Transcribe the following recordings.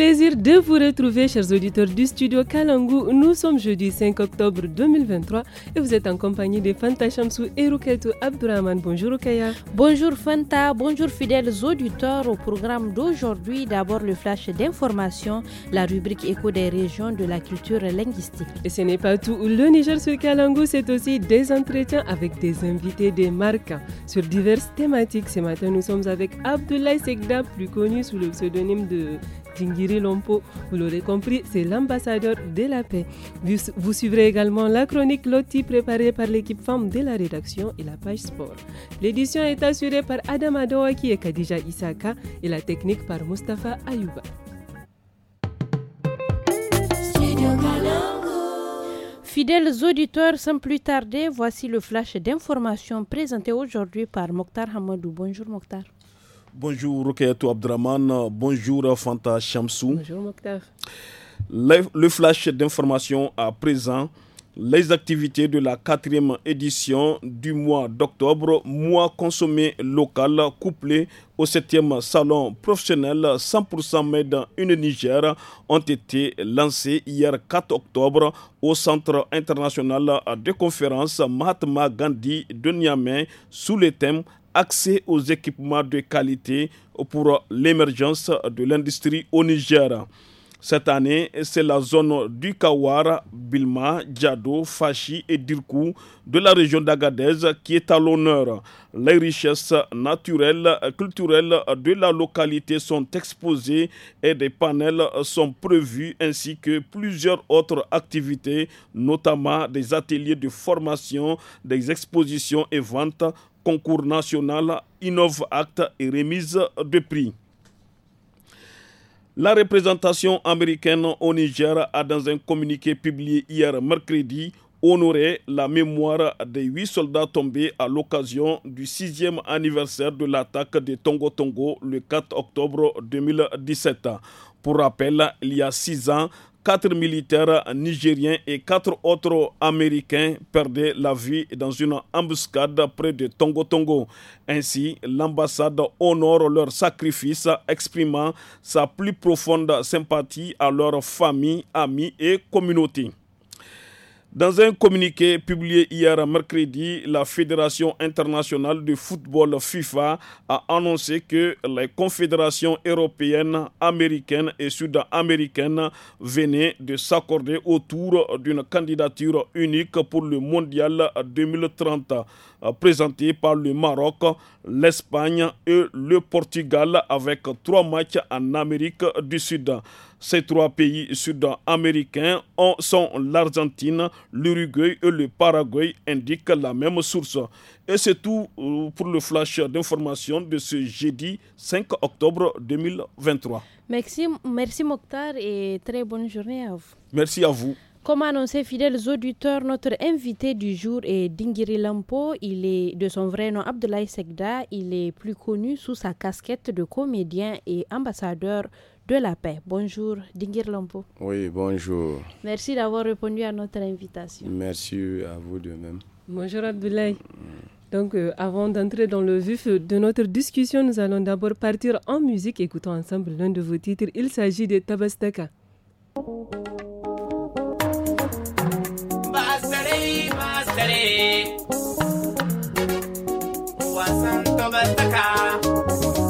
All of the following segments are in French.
plaisir de vous retrouver, chers auditeurs du studio Kalangu. Nous sommes jeudi 5 octobre 2023 et vous êtes en compagnie de Fanta Chamsou et Ruketu Abdurrahman. Bonjour Rukaya. Bonjour Fanta, bonjour fidèles auditeurs au programme d'aujourd'hui. D'abord le flash d'information, la rubrique écho des régions de la culture linguistique. Et ce n'est pas tout. Le Niger sur Kalangu, c'est aussi des entretiens avec des invités des marques sur diverses thématiques. Ce matin, nous sommes avec Abdoulaye Segda, plus connu sous le pseudonyme de Tingiri Lompo. Vous l'aurez compris, c'est l'ambassadeur de la paix. Vous, vous, suivrez également la chronique Loti préparée par l'équipe femme de la rédaction et la page sport. L'édition est assurée par Adam Adouaki et Kadija Isaka et la technique par Mustafa Ayouba. Fidèles auditeurs, sans plus tarder, voici le flash d'informations présenté aujourd'hui par Mokhtar Hamadou. Bonjour Mokhtar. Bonjour Rokayatou Abdraman, bonjour Fanta Chamsou. Bonjour Mokhtar. Le, flash d'information à présent, les activités de la quatrième édition du mois d'octobre, mois consommé local couplé au septième salon professionnel 100% Made in Niger ont été lancées hier 4 octobre au Centre international de Conférence Mahatma Gandhi de Niamey sous le thème accès aux équipements de qualité pour l'émergence de l'industrie au Niger. Cette année, c'est la zone du Kawar, Bilma, Djado, Fachi et Dirkou de la région d'Agadez qui est à l'honneur. Les richesses naturelles, et culturelles de la localité sont exposées et des panels sont prévus ainsi que plusieurs autres activités, notamment des ateliers de formation, des expositions et ventes, concours national Innove Act et remise de prix. La représentation américaine au Niger a, dans un communiqué publié hier mercredi, honoré la mémoire des huit soldats tombés à l'occasion du sixième anniversaire de l'attaque de Tongo Tongo le 4 octobre 2017. Pour rappel, il y a six ans, quatre militaires nigériens et quatre autres américains perdaient la vie dans une embuscade près de Tongo Tongo. Ainsi, l'ambassade honore leur sacrifice, exprimant sa plus profonde sympathie à leurs familles, amis et communautés. Dans un communiqué publié hier mercredi, la Fédération internationale de football FIFA a annoncé que les confédérations européennes, américaines et sud-américaines venaient de s'accorder autour d'une candidature unique pour le mondial 2030. Euh, présenté par le Maroc, l'Espagne et le Portugal avec trois matchs en Amérique du Sud. Ces trois pays sud-américains sont l'Argentine, l'Uruguay et le Paraguay, indique la même source. Et c'est tout euh, pour le flash d'information de ce jeudi 5 octobre 2023. Merci, merci Mokhtar et très bonne journée à vous. Merci à vous. Comme annoncé, fidèles auditeurs, notre invité du jour est Dingiri Lampo. Il est de son vrai nom Abdoulaye Sekda. Il est plus connu sous sa casquette de comédien et ambassadeur de la paix. Bonjour Dingiri Lampo. Oui, bonjour. Merci d'avoir répondu à notre invitation. Merci à vous de même. Bonjour Abdoulaye. Donc, euh, avant d'entrer dans le vif de notre discussion, nous allons d'abord partir en musique. Écoutons ensemble l'un de vos titres. Il s'agit de Tabastaka. dare wasan to ba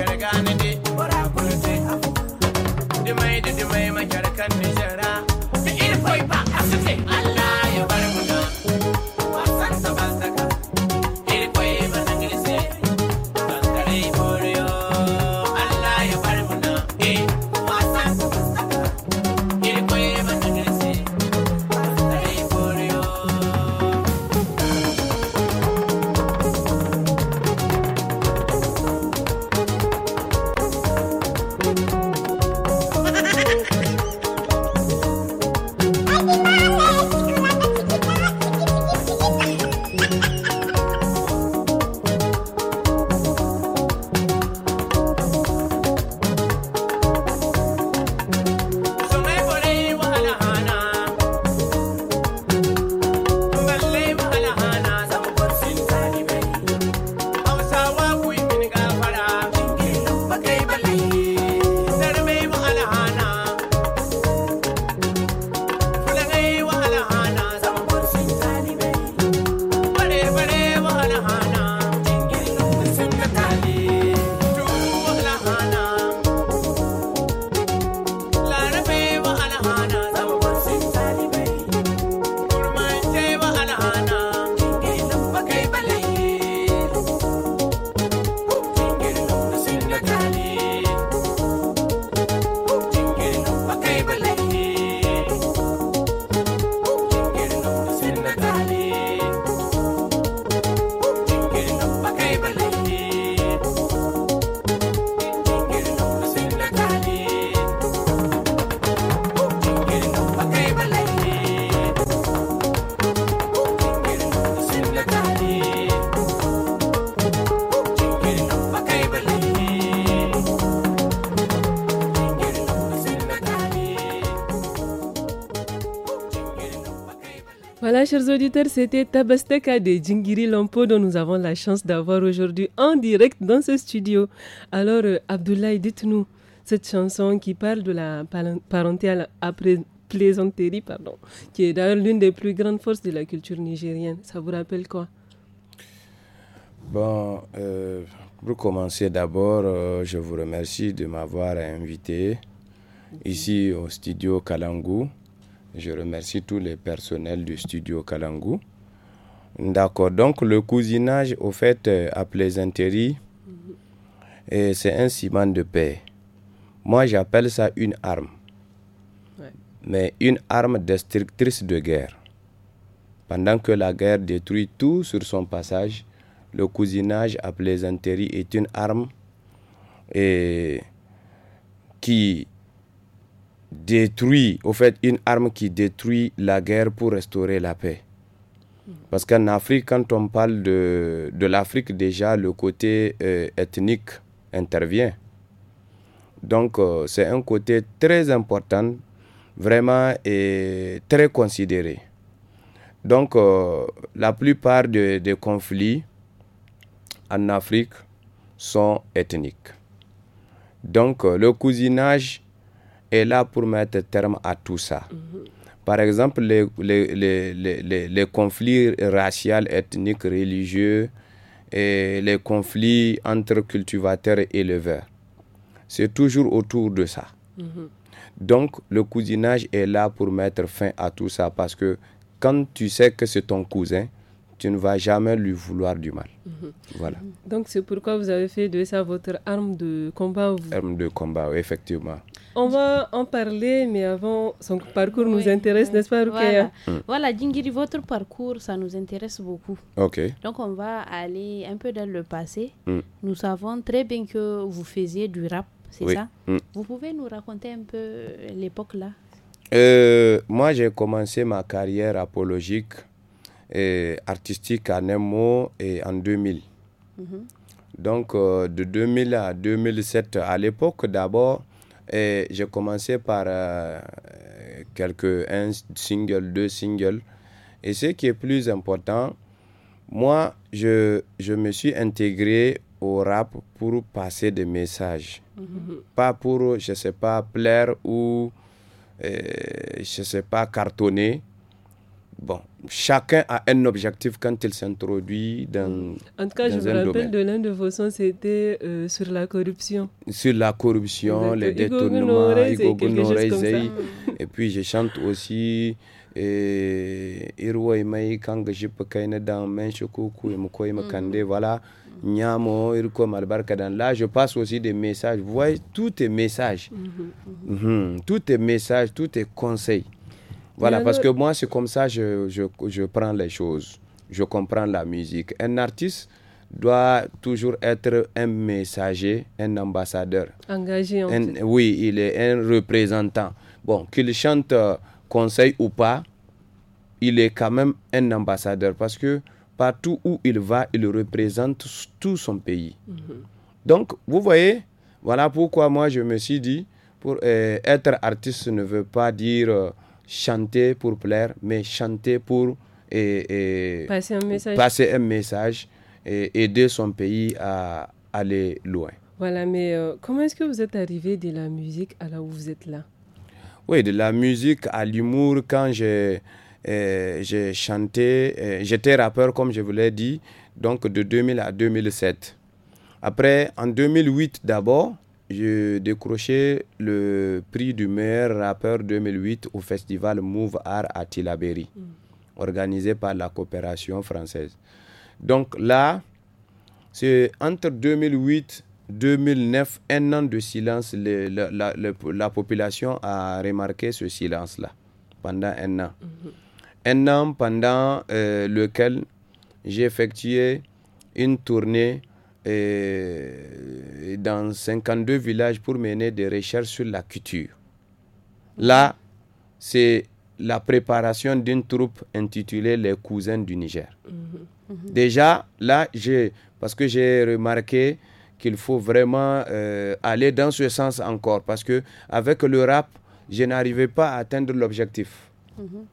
auditeurs, c'était Tabasteka de jingiri Lampo dont nous avons la chance d'avoir aujourd'hui en direct dans ce studio. Alors, euh, Abdoulaye, dites-nous, cette chanson qui parle de la parenté à, la, plaisanterie, pardon, qui est d'ailleurs l'une des plus grandes forces de la culture nigérienne, ça vous rappelle quoi Bon, euh, pour commencer d'abord, euh, je vous remercie de m'avoir invité ici au studio Kalangu je remercie tous les personnels du studio Kalangu. D'accord. Donc, le cousinage, au fait, euh, à plaisanterie, mhm. c'est un ciment de paix. Moi, j'appelle ça une arme. Mais une arme destructrice de guerre. Pendant que la guerre détruit tout sur son passage, le cousinage à plaisanterie est une arme qui détruit, au fait, une arme qui détruit la guerre pour restaurer la paix. Parce qu'en Afrique, quand on parle de, de l'Afrique, déjà le côté euh, ethnique intervient. Donc euh, c'est un côté très important, vraiment et très considéré. Donc euh, la plupart des conflits en Afrique sont ethniques. Donc le cousinage est là pour mettre terme à tout ça. Mhm. Par exemple, les, les, les, les conflits raciaux, ethniques, religieux, et les conflits entre cultivateurs et éleveurs. C'est toujours autour de ça. Mhm. Donc, le cousinage est là pour mettre fin à tout ça parce que quand tu sais que c'est ton cousin, tu ne vas jamais lui vouloir du mal. Mhm. Voilà. Donc c'est pourquoi vous avez fait de ça votre arme de combat. Arme de combat, effectivement. On va en parler, mais avant, son parcours nous intéresse, n'est-ce pas, Voilà, mm. votre parcours, ça nous intéresse beaucoup. OK. Donc on va aller un peu dans le passé. Mm. Nous savons très bien que vous faisiez du rap, c'est ça mm. Vous pouvez nous raconter un peu l'époque là euh, Moi, j'ai commencé ma carrière apologique artistique en un mot et en 2000. Mhm. Donc euh, de 2000 à 2007, à l'époque d'abord, j'ai commencé par euh, quelques un single, deux singles. Et ce qui est plus important, moi, je, je me suis intégré au rap pour passer des messages. Mhm. Pas pour, je sais pas, plaire ou, euh, je sais pas, cartonner. Bon, chacun a un objectif quand il s'introduit dans. En tout cas, je vous rappelle de l'un de vos sons, c'était euh, sur la corruption. Sur la corruption, les détournements, Et puis, je chante aussi. et mm. voilà nyamo là je passe aussi des messages vous voyez tout est message mm-hmm, mm-hmm. Mhm, tout est message tout est conseil voilà, parce que moi, c'est comme ça je, je, prends les choses. Je comprends la musique. Un artiste doit toujours être un messager, un ambassadeur. Engagé, en Oui, il est un représentant. Bon, qu'il chante euh, conseil ou pas, il est quand même un ambassadeur parce que partout où il va, il représente tout son pays. Mhm. Donc, vous voyez, voilà pourquoi moi je me suis dit, pour euh, être artiste ne veut pas dire... Euh, chanter pour plaire, mais chanter pour passer un message, passer un message et aider son pays à aller loin. Voilà, mais euh, comment est-ce que vous êtes arrivé de la musique à là où vous êtes là Oui, de la musique à l'humour, quand j'ai euh, chanté, euh, j'étais rappeur comme je vous l'ai dit, donc de 2000 à 2007. Après, en 2008 d'abord, j'ai décroché le prix du meilleur rappeur 2008 au festival Move Art à Tilaberi, mm. organisé par la coopération française. Donc là, c'est entre 2008 2009, un an de silence, la, population a remarqué ce silence-là pendant un an. Mm-hmm. Un an pendant euh, lequel j'ai effectué une tournée et dans 52 villages pour mener des recherches sur la culture. Là, c'est la préparation d'une troupe intitulée Les Cousins du Niger. Mhm. Mhm. Déjà, là, parce que j'ai remarqué qu'il faut vraiment euh, aller dans ce sens encore, parce que avec le rap, je n'arrivais pas à atteindre l'objectif. Mhm.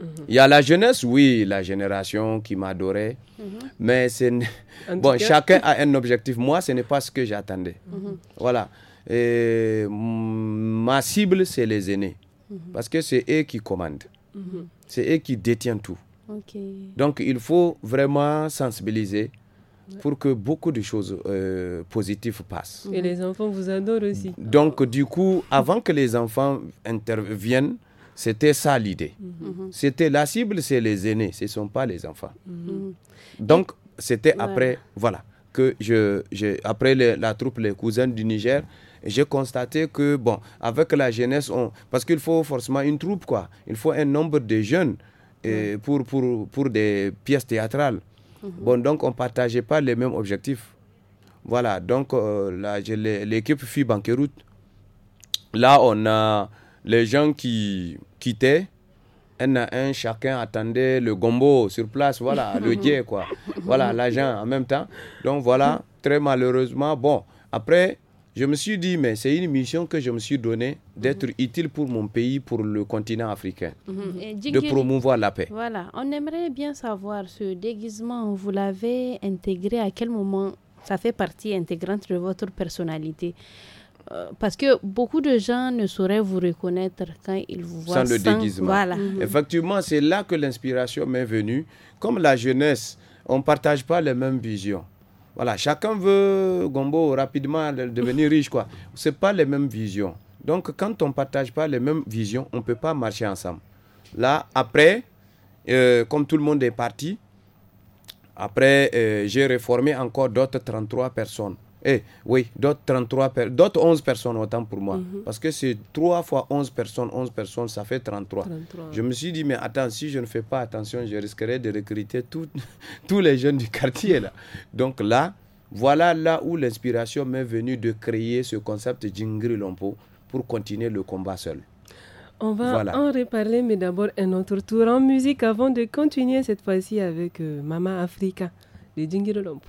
Mhm. Il y a la jeunesse, oui, la génération qui m'adorait. Mhm. Mais c'est. Bon, chacun a un objectif. Moi, ce n'est pas ce que j'attendais. Mhm. Voilà. Et ma cible, c'est les aînés. Parce que c'est eux qui commandent. C'est eux qui détiennent tout. Donc, il faut vraiment sensibiliser pour que beaucoup de choses euh, positives passent. Et les enfants vous adorent aussi. Donc, du coup, avant que les enfants interviennent, c'était ça l'idée. Mm-hmm. C'était la cible, c'est les aînés, ce ne sont pas les enfants. Mm-hmm. Donc, c'était après, voilà, que je, après la troupe Les Cousins du Niger, j'ai constaté que, bon, avec la jeunesse, on, parce qu'il faut forcément une troupe, quoi. Il faut un nombre de jeunes pour, pour, pour des pièces théâtrales. Mm-hmm. Bon, donc, on ne partageait pas les mêmes objectifs. Voilà, donc, euh, l'équipe fut banqueroute. Là, on a les gens qui quittaient, un à un, chacun attendait le gombo sur place, voilà, le dieu, quoi. Voilà, l'agent en même temps. Donc voilà, très malheureusement, bon, après, je me suis dit, mais c'est une mission que je me suis donnée d'être mhm. utile pour mon pays, pour le continent africain, mhm. de promouvoir la paix. Voilà, on aimerait bien savoir ce déguisement, vous l'avez intégré, à quel moment ça fait partie intégrante de votre personnalité. Euh, parce que beaucoup de gens ne sauraient vous reconnaître quand ils vous voient sans le déguisement. Mhm. Effectivement, c'est là que l'inspiration m'est venue. Comme la jeunesse, on ne partage pas les mêmes visions. Voilà, chacun veut Gombo rapidement devenir riche quoi. C'est pas les mêmes visions. Donc quand on partage pas les mêmes visions, on ne peut pas marcher ensemble. Là après, euh, comme tout le monde est parti, après euh, j'ai réformé encore d'autres 33 personnes eh, oui, d'autres 33 d'autres 11 personnes, autant pour moi. Mhm. Parce que c'est 3 fois 11 personnes, 11 personnes, ça fait 33. Je me suis dit, mais attends, si je ne fais pas attention, je risquerai de recruter tous les jeunes du quartier. Là. Donc là, voilà là où l'inspiration m'est venue de créer ce concept d'Ingri Lompo pour continuer le combat seul. On va en reparler, mais d'abord un autre tour en musique avant de continuer cette fois-ci avec euh, Mama Africa de Jingri Lompo.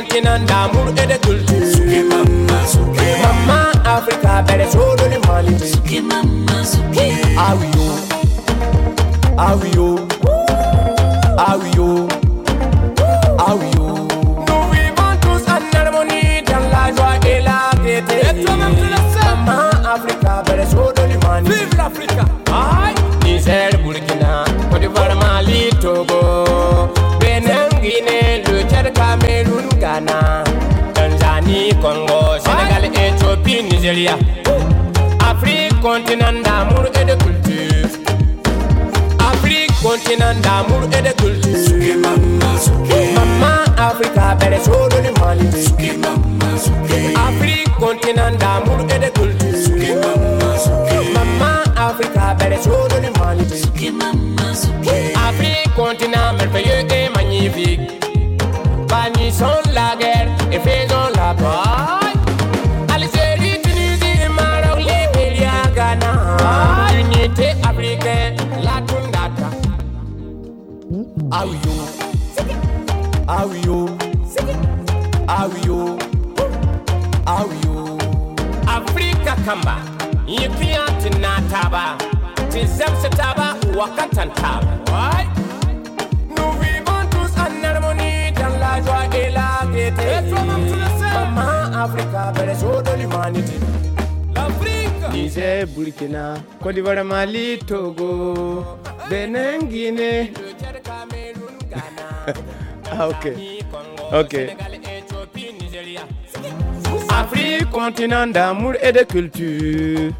continent d'amour culture. Eh, suke mama, suke. Mama Africa, better show the money. Suke mama, suke. Ah we oh, ah we oh, ah we oh, ah we oh. No we want to harmonie the la joie et la gaieté. Et toi Mama Africa, belle jour de Vive l'Africa. Burkina, Côte d'Ivoire, Mali, Togo. Congo, Sénégal, Éthiopie, Nigeria. Afrique, continent d'amour et de culture. Afrique, continent d'amour et de culture. Suki mama, suki. Mama, Africa, belle solo de Mali. Suki mama, suki. Afrique, continent d'amour et de culture. Suki mama, suki. Mama, Africa, belle solo de Mali. Suki mama, suki. Afrique, continent merveilleux et magnifique. Bannissons la guerre et faisons Are we yo? Are we yo? Are we yo? Are we yo? Africa kamba, you yikiya tinataba, tizemse taba wakatan taba. Why? No, we want to Nous vivons tous en harmonie dans la joie up to the Maman Africa, but it's all the humanity. Niger, Burkina, Côte d'Ivoire, Mali, Togo, Benin, Guinée. Ah, ok. Ok. Afrique, continent d'amour et de culture.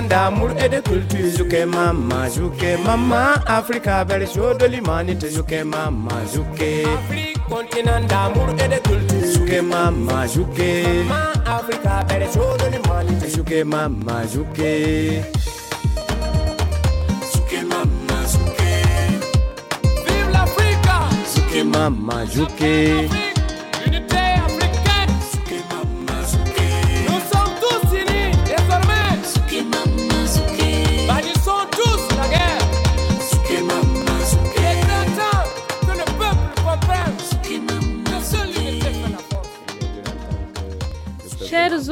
Africaine d'amour et de culture. Jouke mama, jouke mama, Africa belle show de l'humanité. Jouke mama, jouke. Afrique, continent d'amour et de culture. Jouke mama, jouke. Mama, Africa belle show de l'humanité. Jouke mama, jouke. Jouke mama, jouke. Vive l'Afrique! Jouke mama, jouke. Vive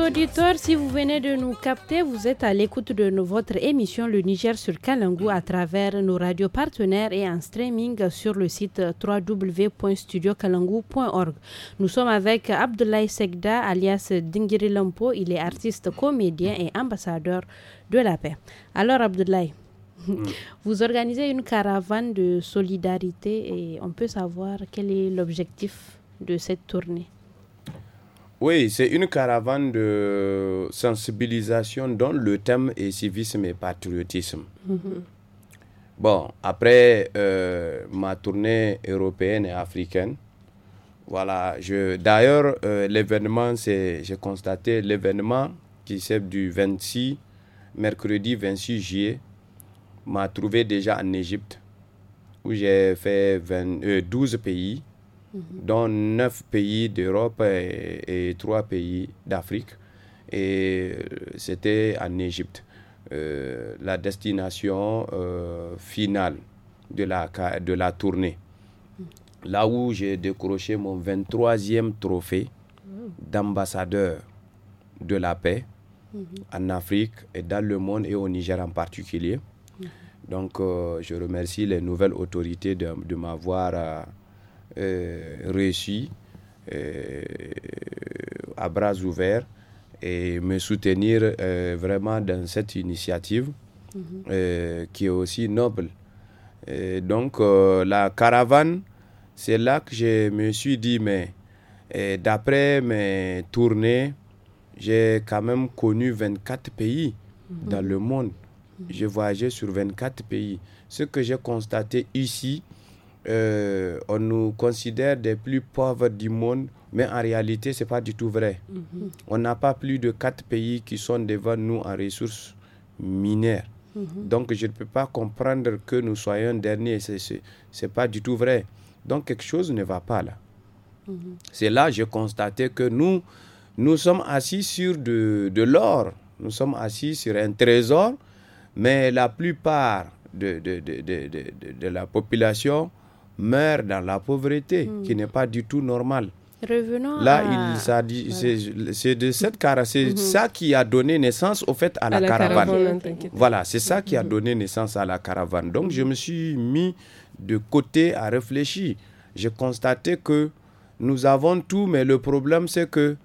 auditeurs, si vous venez de nous capter, vous êtes à l'écoute de votre émission Le Niger sur Kalangou à travers nos radios partenaires et en streaming sur le site www.studiokalangou.org. Nous sommes avec Abdoulaye Sekda, alias Dingiri Lampo. Il est artiste, comédien et ambassadeur de la paix. Alors, Abdoulaye, mm. vous organisez une caravane de solidarité et on peut savoir quel est l'objectif de cette tournée oui, c'est une caravane de sensibilisation dont le thème est civisme et patriotisme. Mm-hmm. Bon, après euh, ma tournée européenne et africaine, voilà, je d'ailleurs euh, l'événement, c'est j'ai constaté l'événement qui s'est du 26 mercredi 26 juillet m'a trouvé déjà en Égypte où j'ai fait 12 euh, pays Mhm. dans neuf pays d'Europe et, trois pays d'Afrique. Et euh, c'était en Égypte. Euh, la destination euh, finale de la, de la tournée. Mhm. Là où j'ai décroché mon 23e trophée d'ambassadeur de la paix mhm. en Afrique et dans le monde et au Niger en particulier. Donc je remercie les nouvelles autorités de, de m'avoir euh, réussi euh, à bras ouverts et me soutenir euh, vraiment dans cette initiative mhm. qui est aussi noble. donc la caravane, c'est là que je me suis dit, mais d'après mes tournées, j'ai quand même connu 24 pays dans mhm. le monde. Mhm. J'ai voyagé sur 24 pays. Ce que j'ai constaté ici, euh, on nous considère des plus pauvres du monde, mais en réalité, ce n'est pas du tout vrai. Mm-hmm. On n'a pas plus de quatre pays qui sont devant nous en ressources minières. Mm-hmm. Donc, je ne peux pas comprendre que nous soyons derniers. Ce n'est pas du tout vrai. Donc, quelque chose ne va pas là. Mm-hmm. C'est là que j'ai constaté que nous, nous sommes assis sur de, l'or. Nous sommes assis sur un trésor, mais la plupart de, la population meurent dans la pauvreté, hmm. qui n'est pas du tout normal. Revenons Là, à... il dit c'est de cette c'est mhm. ça qui a donné naissance au fait à, la, caravane. voilà, c'est ça qui a mhm. donné naissance à la caravane. Donc, je mhm. me suis mis de côté à réfléchir. J'ai constaté que nous avons tout, mais le problème, c'est que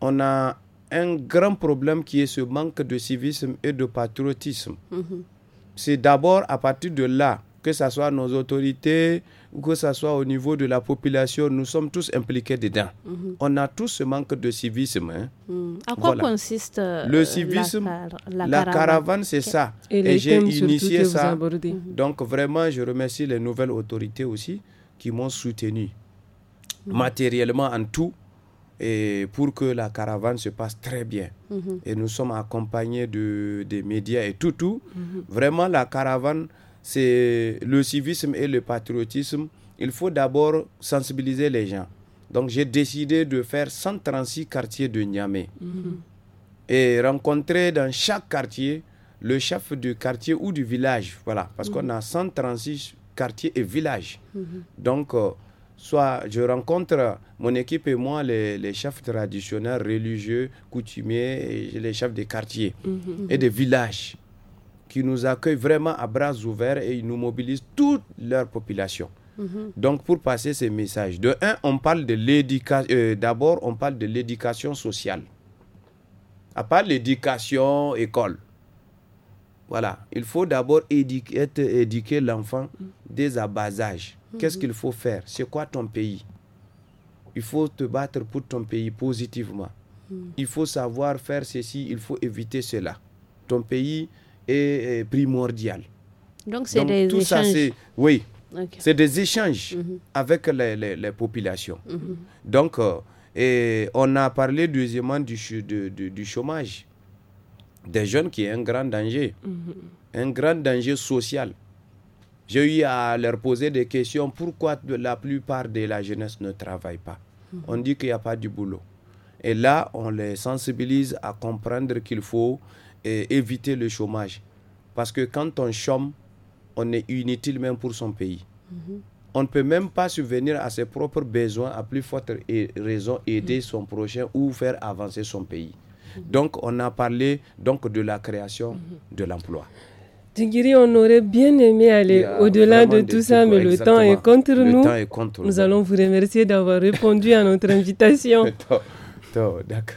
on a un grand problème qui est ce manque de civisme et de patriotisme. C'est d'abord à partir de là que ce soit nos autorités, que ce soit au niveau de la population, nous sommes tous impliqués dedans. Mhm. On a tous ce manque de civisme. Hein. Mhm. À quoi consiste euh, le civisme La, caravane, c'est ça. Et, j'ai initié ça. Mhm. Donc vraiment, je remercie les nouvelles autorités aussi qui m'ont soutenu matériellement en tout et pour que la caravane se passe très bien. Et nous sommes accompagnés de, des médias et tout, tout. Vraiment, la caravane c'est le civisme et le patriotisme. Il faut d'abord sensibiliser les gens. Donc j'ai décidé de faire 136 quartiers de Niamey mhm. et rencontrer dans chaque quartier le chef du quartier ou du village. Voilà, parce mhm. qu'on a 136 quartiers et villages. Mhm. Donc, euh, soit je rencontre mon équipe et moi, les, les, chefs traditionnels, religieux, coutumiers et les chefs des quartiers et des villages qui nous accueillent vraiment à bras ouverts et ils nous mobilisent toute leur population. Mhm. Donc, pour passer ces messages, de un, on parle de l'éducation. Euh, d'abord, on parle de l'éducation sociale. À part l'éducation école, voilà, il faut d'abord éduquer, éduquer l'enfant dès à bas âge. Mhm. Qu'est-ce qu'il faut faire C'est quoi ton pays Il faut te battre pour ton pays positivement. Mhm. Il faut savoir faire ceci, il faut éviter cela. Ton pays, est primordial. Donc, c'est des échanges. oui, c'est des échanges mhm. avec les, populations. Mhm. Donc, euh, on a parlé deuxièmement du, du, chômage des jeunes qui est un grand danger, mhm. un grand danger social. J'ai eu à leur poser des questions. Pourquoi la plupart de la jeunesse ne travaille pas On dit qu'il n'y a pas du boulot. Et là, on les sensibilise à comprendre qu'il faut éviter le chômage. Parce que quand on chôme, on est inutile même pour son pays. Mhm. On ne peut même pas subvenir à ses propres besoins, à plus forte raison aider mhm. son prochain ou faire avancer son pays. Mhm. Donc on a parlé donc de la création de l'emploi. Dingiri, on aurait bien aimé aller au-delà de tout ça, mais le temps est contre nous. nous allons vous remercier d'avoir répondu à notre invitation. D'accord.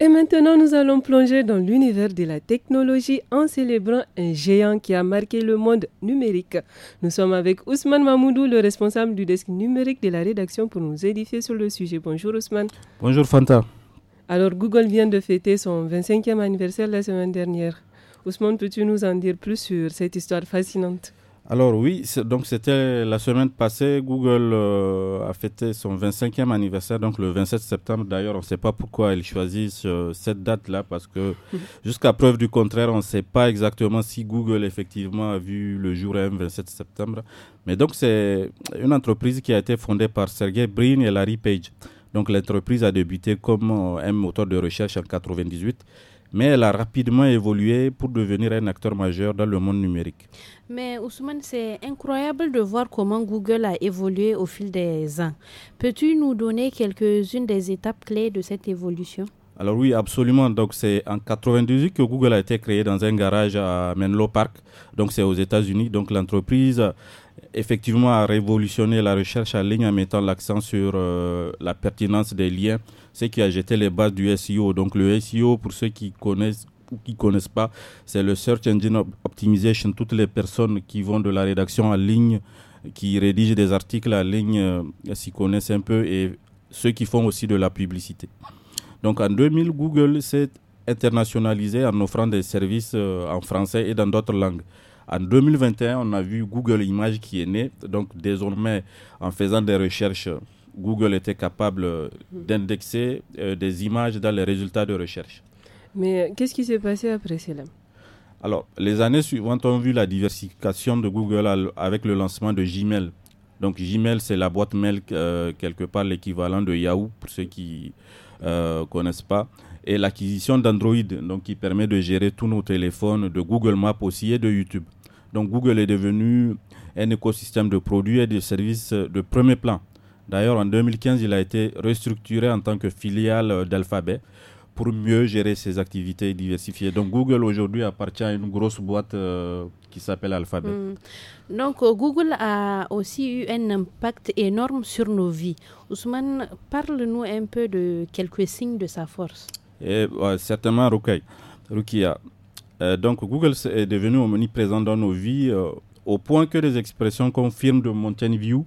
Et maintenant, nous allons plonger dans l'univers de la technologie en célébrant un géant qui a marqué le monde numérique. Nous sommes avec Ousmane Mamoudou, le responsable du desk numérique de la rédaction, pour nous édifier sur le sujet. Bonjour Ousmane. Bonjour Fanta. Alors, Google vient de fêter son 25e anniversaire la semaine dernière. Ousmane, peux-tu nous en dire plus sur cette histoire fascinante alors oui, donc c'était la semaine passée, Google euh, a fêté son 25e anniversaire, donc le 27 septembre. D'ailleurs, on ne sait pas pourquoi ils choisissent cette date-là, parce que jusqu'à preuve du contraire, on ne sait pas exactement si Google effectivement a vu le jour M 27 septembre. Mais donc c'est une entreprise qui a été fondée par Sergey Brin et Larry Page. Donc l'entreprise a débuté comme euh, un moteur de recherche en 1998 mais elle a rapidement évolué pour devenir un acteur majeur dans le monde numérique. Mais Ousmane, c'est incroyable de voir comment Google a évolué au fil des ans. Peux-tu nous donner quelques-unes des étapes clés de cette évolution alors oui, absolument. Donc c'est en 98 que Google a été créé dans un garage à Menlo Park. Donc c'est aux États-Unis. Donc l'entreprise effectivement a révolutionné la recherche en ligne en mettant l'accent sur euh, la pertinence des liens, ce qui a jeté les bases du SEO. Donc le SEO, pour ceux qui connaissent ou qui connaissent pas, c'est le Search Engine Optimization. Toutes les personnes qui vont de la rédaction en ligne, qui rédigent des articles en ligne, euh, s'y connaissent un peu et ceux qui font aussi de la publicité. Donc en 2000, Google s'est internationalisé en offrant des services euh, en français et dans d'autres langues. En 2021, on a vu Google Images qui est né. Donc désormais, en faisant des recherches, Google était capable euh, mhm. d'indexer euh, des images dans les résultats de recherche. Mais euh, qu'est-ce qui s'est passé après cela Alors, les années suivantes ont vu la diversification de Google avec le lancement de Gmail. Donc Gmail, c'est la boîte mail, quelque part l'équivalent de Yahoo, pour ceux qui ne connaissent pas. Et l'acquisition d'Android, donc qui permet de gérer tous nos téléphones, de Google Maps aussi et de YouTube. Donc Google est devenu un écosystème de produits et de services de premier plan. D'ailleurs, en 2015, il a été restructuré en tant que filiale d'Alphabet pour mieux gérer ses activités diversifiées. Donc Google aujourd'hui appartient à une grosse boîte euh, qui s'appelle Alphabet. Hmm. Donc euh, Google a aussi eu un impact énorme sur nos vies. Ousmane, parle-nous un peu de quelques signes de sa force. Et, eh, certainement, Rukia. Euh, donc Google est devenu omniprésent dans nos vies euh, au point que des expressions comme firme de Mountain View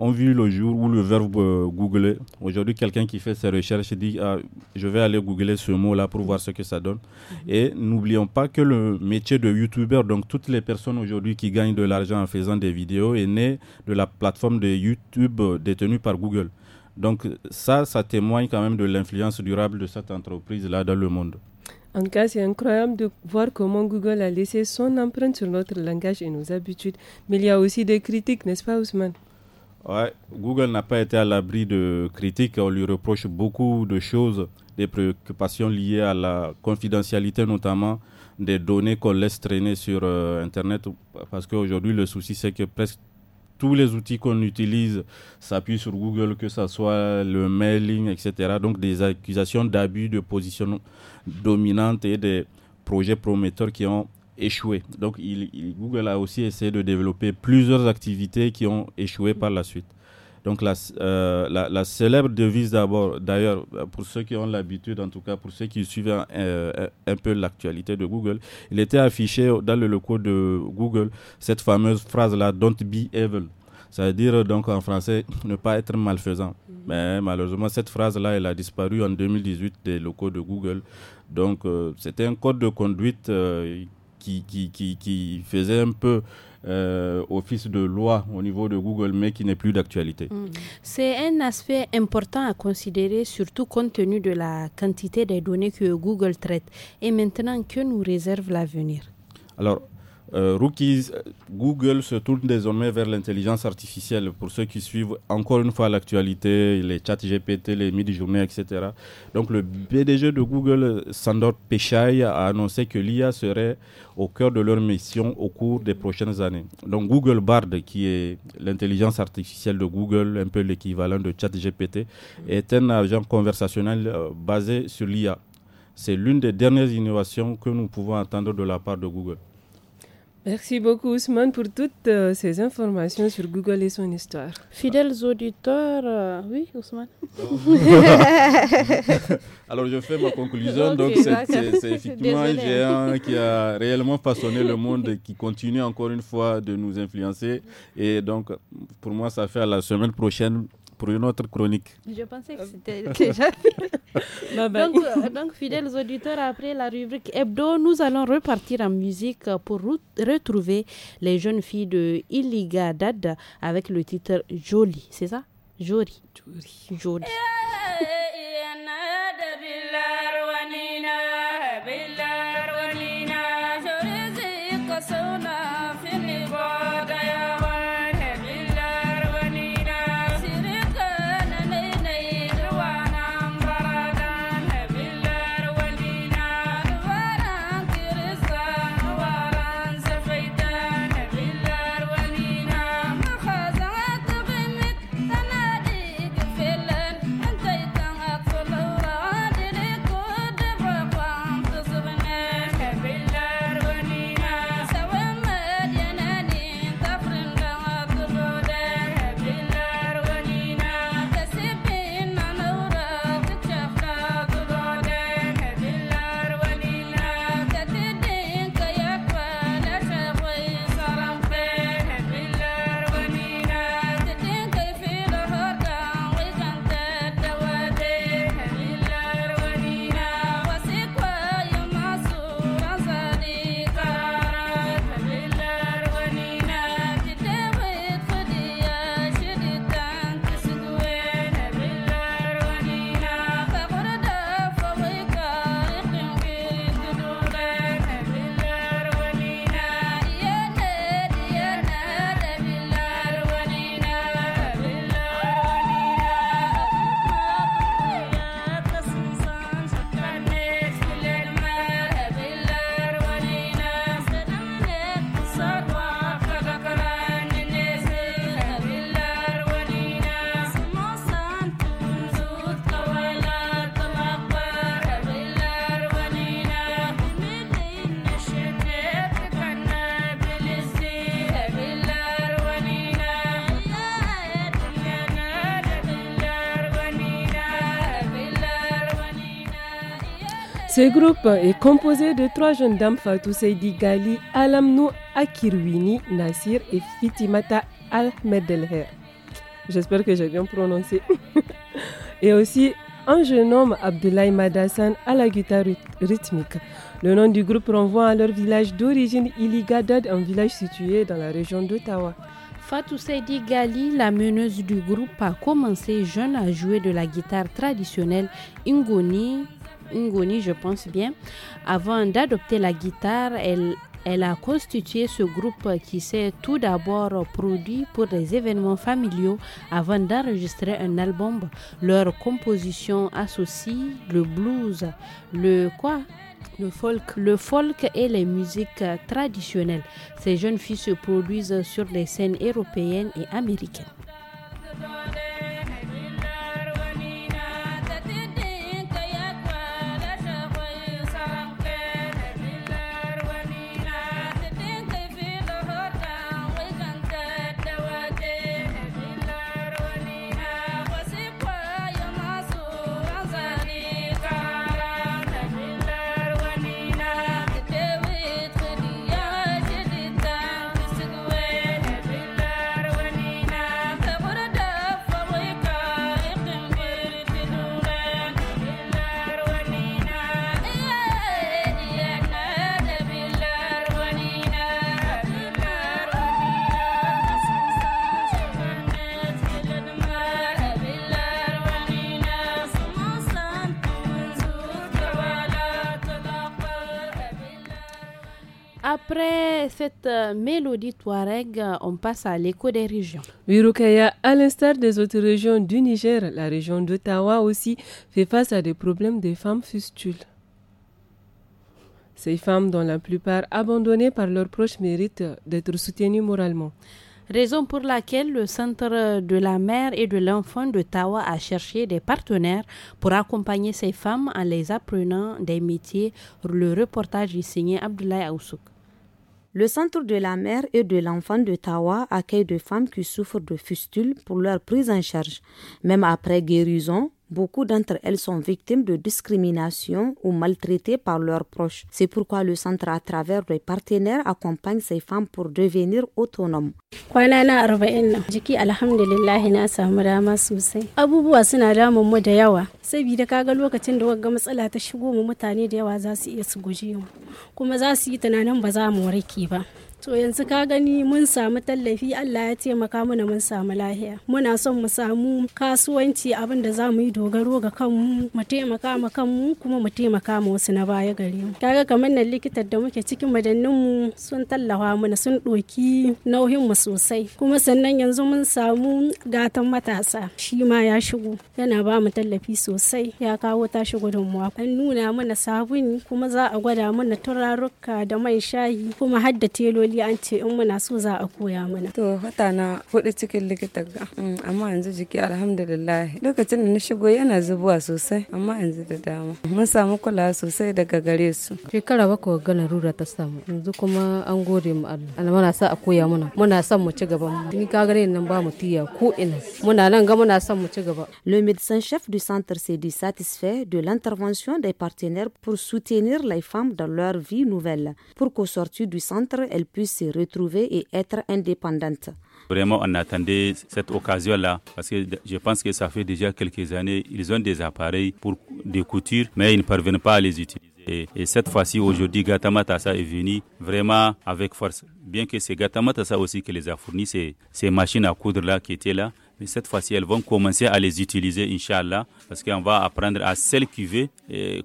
ont vu le jour où le verbe euh, googler. Aujourd'hui, quelqu'un qui fait ses recherches dit ah, Je vais aller googler ce mot-là pour voir ce que ça donne. Mhm. Et n'oublions pas que le métier de YouTuber, donc toutes les personnes aujourd'hui qui gagnent de l'argent en faisant des vidéos, est né de la plateforme de YouTube détenue par Google. Donc, ça, ça témoigne quand même de l'influence durable de cette entreprise-là dans le monde. En tout cas, c'est incroyable de voir comment Google a laissé son empreinte sur notre langage et nos habitudes. Mais il y a aussi des critiques, n'est-ce pas, Ousmane Oui, Google n'a pas été à l'abri de critiques. On lui reproche beaucoup de choses, des préoccupations liées à la confidentialité notamment des données qu'on laisse traîner sur euh, Internet. Parce qu'aujourd'hui, le souci, c'est que presque tous les outils qu'on utilise s'appuient sur Google, que ce soit le mailing, etc. Donc des accusations d'abus de positionnement dominante et des projets prometteurs qui ont échoué. Donc il, Google a aussi essayé de développer plusieurs activités qui ont échoué par la suite. Donc euh, la, la, célèbre devise d'abord, d'ailleurs, pour ceux qui ont l'habitude, en tout cas pour ceux qui suivent euh, un, peu l'actualité de Google, il était affiché dans le locaux de Google cette fameuse phrase-là, Don't be evil. ça veut dire donc en français, ne pas être malfaisant. Mais malheureusement, cette phrase-là, elle a disparu en 2018 des locaux de Google donc euh, c'était un code de conduite euh, qui, faisait un peu euh, office de loi au niveau de Google, mais qui n'est plus d'actualité. Mm. C'est un aspect important à considérer, surtout compte tenu de la quantité des données que Google traite. Et maintenant, que nous réserve l'avenir euh, rookies, euh, Google se tourne désormais vers l'intelligence artificielle pour ceux qui suivent encore une fois l'actualité, les chats GPT, les midi-journées, etc. Donc le PDG de Google, Sandor Pichai, a annoncé que l'IA serait au cœur de leur mission au cours des prochaines années. Donc Google Bard, qui est l'intelligence artificielle de Google, un peu l'équivalent de chat GPT, est un agent conversationnel euh, basé sur l'IA. C'est l'une des dernières innovations que nous pouvons attendre de la part de Google. Merci beaucoup Ousmane pour toutes euh, ces informations sur Google et son histoire. Fidèles auditeurs, euh, oui Ousmane. Alors je fais ma conclusion. donc c'est effectivement un hein. Géant qui a réellement façonné le monde et qui continue encore une fois de nous influencer. Et donc pour moi ça fait à la semaine prochaine pour une autre chronique. Je pensais que euh. c'était déjà donc, euh, donc, fidèles auditeurs, après la rubrique hebdo, nous allons repartir en musique pour retrouver les jeunes filles de Iliga Dad avec le titre Jolie, c'est ça Jolie. Jolie. Jolie. Ce groupe est composé de trois jeunes dames Fatou Seydi Gali, Alamnou Akirwini, Nasir et Fitimata Al-Medelher. J'espère que j'ai bien prononcé. et aussi un jeune homme, Abdoulaye Madassan, à la guitare rythmique. Le nom du groupe renvoie à leur village d'origine, Iligadad, un village situé dans la région d'Ottawa. Fatou Seydi Gali, la meneuse du groupe, a commencé jeune à jouer de la guitare traditionnelle Ingoni Ngoni, je pense bien. Avant d'adopter la guitare, elle, elle a constitué ce groupe qui s'est tout d'abord produit pour des événements familiaux avant d'enregistrer un album. Leur composition associe le blues, le quoi le folk, le folk et les musiques traditionnelles. Ces jeunes filles se produisent sur les scènes européennes et américaines. Après cette euh, mélodie touareg, euh, on passe à l'écho des régions. Oui, à l'instar des autres régions du Niger, la région d'Ottawa aussi fait face à des problèmes des femmes fustules. Ces femmes, dont la plupart abandonnées par leurs proches, méritent d'être soutenues moralement. Raison pour laquelle le Centre de la mère et de l'enfant de Tawa a cherché des partenaires pour accompagner ces femmes en les apprenant des métiers. Le reportage est signé Abdoulaye Aoussouk. Le centre de la mère et de l'enfant de Tawa accueille des femmes qui souffrent de fustules pour leur prise en charge. Même après guérison, Beaucoup d'entre elles sont victimes de discrimination ou maltraitées par leurs proches. C'est pourquoi le centre, à travers les partenaires, accompagne ces femmes pour devenir autonomes. To yanzu ka gani mun samu tallafi Allah ya taimaka mana mun samu lahiya. Muna son mu samu kasuwanci abin da za mu yi dogaro ga kanmu mu taimaka ma kanmu kuma mu taimaka ma wasu na baya gare mu. Kaga kamar nan likitar da muke cikin madannin mu sun tallafa mana sun ɗoki nauyin mu sosai. Kuma sannan yanzu mun samu gatan matasa shi ma ya shigo yana ba mu tallafi sosai ya kawo tashi mu. An nuna mana sabuni kuma za a gwada mana turaruka da man shayi kuma har da teloli ya an ce in muna so za a koya mana. To wata na hudu cikin likita ga mm, amma yanzu jiki alhamdulillah lokacin da na shigo yana zubuwa sosai amma yanzu da dama mun samu kula sosai daga gare su. Shekara bakwai ga larura ta samu yanzu kuma an gode mu Allah. Allah muna sa a koya mana muna son mu ci gaba Ni ka gare nan ba mu tiya ko ina muna nan ga muna son mu ci gaba. Le médecin chef du centre s'est dit satisfait de l'intervention des partenaires pour soutenir les femmes dans leur vie nouvelle pour qu'au sortie du centre elles puisse se retrouver et être indépendante. Vraiment, on attendait cette occasion-là parce que je pense que ça fait déjà quelques années, ils ont des appareils pour des coutures, mais ils ne parviennent pas à les utiliser. Et, cette fois-ci, aujourd'hui, Gatamatassa est venu vraiment avec force. Bien que c'est Gatamatassa aussi qui les a fournis, ces, ces machines à coudre-là qui étaient là. Mais cette fois-ci, elles vont commencer à les utiliser, Inch'Allah, parce qu'on va apprendre à celles qui veulent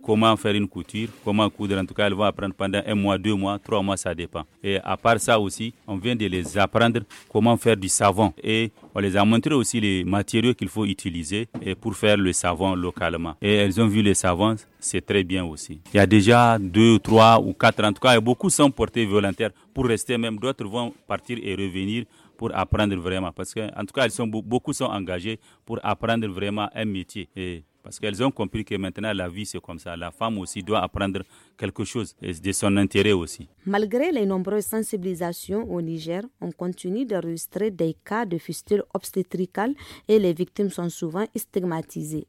comment faire une couture, comment coudre. En tout cas, elles vont apprendre pendant un mois, deux mois, trois mois, ça dépend. Et à part ça aussi, on vient de les apprendre comment faire du savon. Et on les a montré aussi les matériaux qu'il faut utiliser pour faire le savon localement. Et elles ont vu le savon, c'est très bien aussi. Il y a déjà deux, trois ou quatre, en tout cas, et beaucoup sont portés volontaires pour rester même. D'autres vont partir et revenir pour apprendre vraiment. Parce que, en tout cas, elles sont, beaucoup sont engagées pour apprendre vraiment un métier. Et parce qu'elles ont compris que maintenant la vie c'est comme ça. La femme aussi doit apprendre quelque chose et de son intérêt aussi. Malgré les nombreuses sensibilisations au Niger, on continue d'enregistrer des cas de fistules obstétricales et les victimes sont souvent stigmatisées.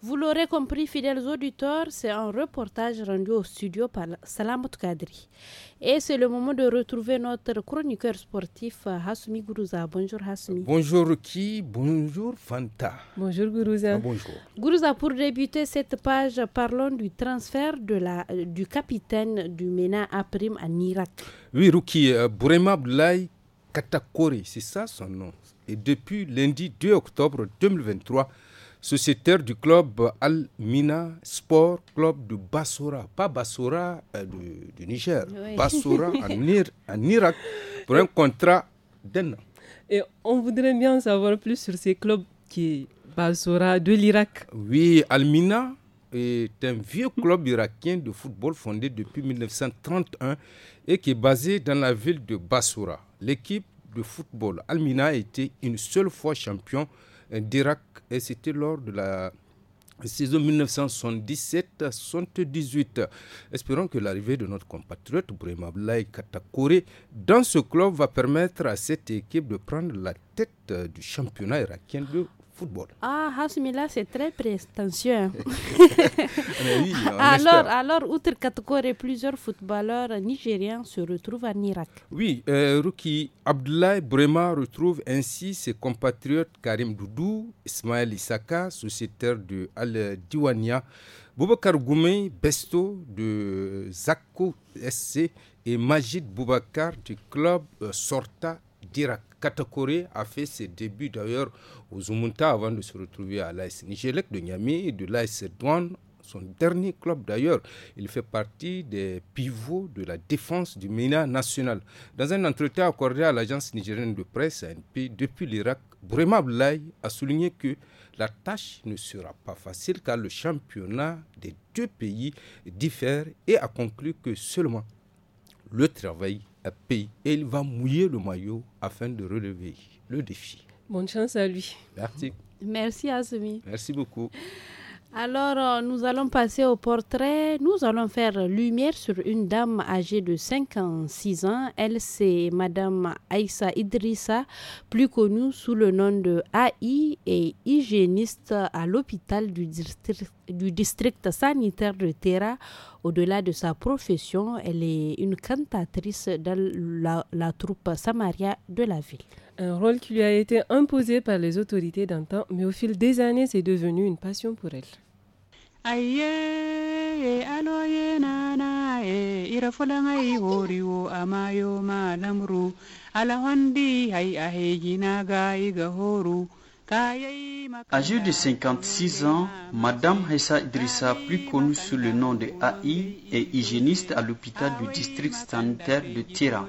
Vous l'aurez compris, fidèles auditeurs, c'est un reportage rendu au studio par Salam Kadri. Et c'est le moment de retrouver notre chroniqueur sportif Hassoumi Gourouza. Bonjour Hassoumi. Bonjour Ruki, Bonjour Fanta. Bonjour Gourouza. Ah, bonjour. Gourouza, pour débuter cette page, parlons du transfert du capitaine du MENA à Prime en Irak. Oui, Ruki, euh, Burema Katakori, c'est ça son nom. Et depuis lundi 2 octobre 2023, sociétaire du club Al-Mina Sport Club de Bassora, pas Bassora euh, de du, Niger, Bassora en, Irak, pour un contrat d'un an. Et on voudrait bien savoir plus sur ces clubs qui Bassora de l'Irak. Oui, Al-Mina est un vieux club irakien de football fondé depuis 1931 et qui est basé dans la ville de Bassora. L'équipe de football Al-Mina a été une seule fois champion d'Irak et c'était lors de la saison 1977-78. Espérons que l'arrivée de notre compatriote Brema Blay dans ce club va permettre à cette équipe de prendre la tête du championnat irakien de football. Ah, Hasmila, c'est très prétentieux. Hein. alors, alors, outre catégorie, plusieurs footballeurs nigériens se retrouvent en Irak. Oui, euh, Ruki Abdoulaye Brema retrouve ainsi ses compatriotes Karim Doudou, Ismaël Isaka, sociétaire de Al-Diwania, Boubacar Goumé, Besto de Zako SC et Majid Boubacar du club euh, Sorta d'Irak. Katakore a fait ses débuts d'ailleurs au Zumunta avant de se retrouver à l'AS Nigelec de Niamey et de l'AS Douane son dernier club d'ailleurs. Il fait partie des pivots de la défense du MENA national. Dans un entretien accordé à l'agence nigérienne de presse ANP depuis l'Irak, Brema Blay a souligné que la tâche ne sera pas facile car le championnat des deux pays diffère et a conclu que seulement le travail euh, pays. Et il va mouiller le maillot afin de relever le défi. Bonne chance à lui. Merci. Merci Azumi. Merci beaucoup. Alors, euh, nous allons passer au portrait. Nous allons faire lumière sur une dame âgée de 56 ans. Elle, c'est Madame Aïssa Idrissa, plus connue sous le nom de AI et hygiéniste à l'hôpital du, district, sanitaire de Terra. Au-delà de sa profession, elle est une cantatrice dans la, la troupe Samaria de la ville un rôle qui lui a été imposé par les autorités d'antan, mais au fil des années, c'est devenu une passion pour elle. Âgée de 56 ans, Madame Haïssa Idrissa, plus connue sous le nom de AI, est hygiéniste à l'hôpital du district sanitaire de Tira.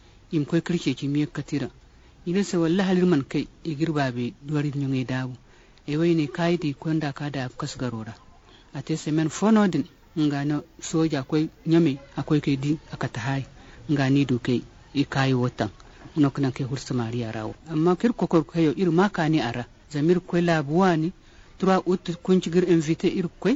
im koy kirke ki miye katira ina se walla halir man kai e girba be duwari nyonge dabu e wayne kaydi konda kada kasgarora ate semen fonodin nga no soja koy nyame akoy kai di akata hay nga ni du kai e kai wota no kana kai hursa mariya rawo amma kir kokor kayo ir makani ara zamir koy labuwani tura ut kunci gir invite ir koy